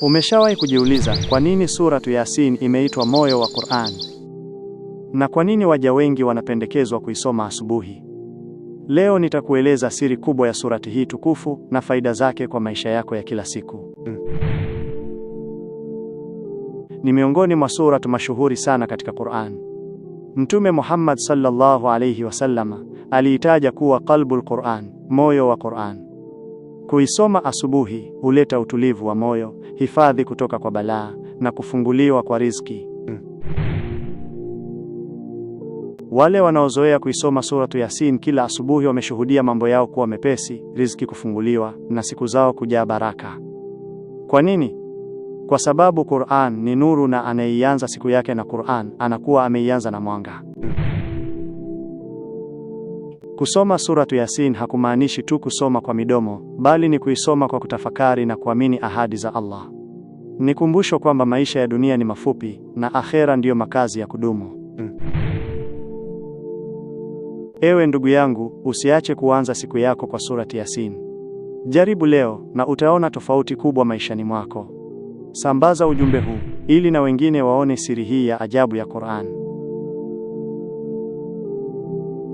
Umeshawahi kujiuliza kwa nini Suratu Yasin imeitwa moyo wa Qur'an? Na kwa nini waja wengi wanapendekezwa kuisoma asubuhi? Leo nitakueleza siri kubwa ya surati hii tukufu na faida zake kwa maisha yako ya kila siku. Mm. Ni miongoni mwa suratu mashuhuri sana katika Qur'an. Mtume Muhammad sallallahu alayhi wasallam aliitaja kuwa qalbul Qur'an, moyo wa Qur'an. Kuisoma asubuhi huleta utulivu wa moyo, hifadhi kutoka kwa balaa na kufunguliwa kwa riziki. Wale wanaozoea kuisoma suratu Yasin kila asubuhi wameshuhudia mambo yao kuwa mepesi, riziki kufunguliwa na siku zao kujaa baraka. Kwa nini? Kwa sababu Qur'an ni nuru, na anayeianza siku yake na Qur'an anakuwa ameianza na mwanga. Kusoma suratu Yasin hakumaanishi tu kusoma kwa midomo, bali ni kuisoma kwa kutafakari na kuamini ahadi za Allah. Ni kumbusho kwamba maisha ya dunia ni mafupi na akhera ndiyo makazi ya kudumu. Mm. Ewe ndugu yangu, usiache kuanza siku yako kwa surati Yasin. Jaribu leo na utaona tofauti kubwa maishani mwako. Sambaza ujumbe huu ili na wengine waone siri hii ya ajabu ya Qur'an.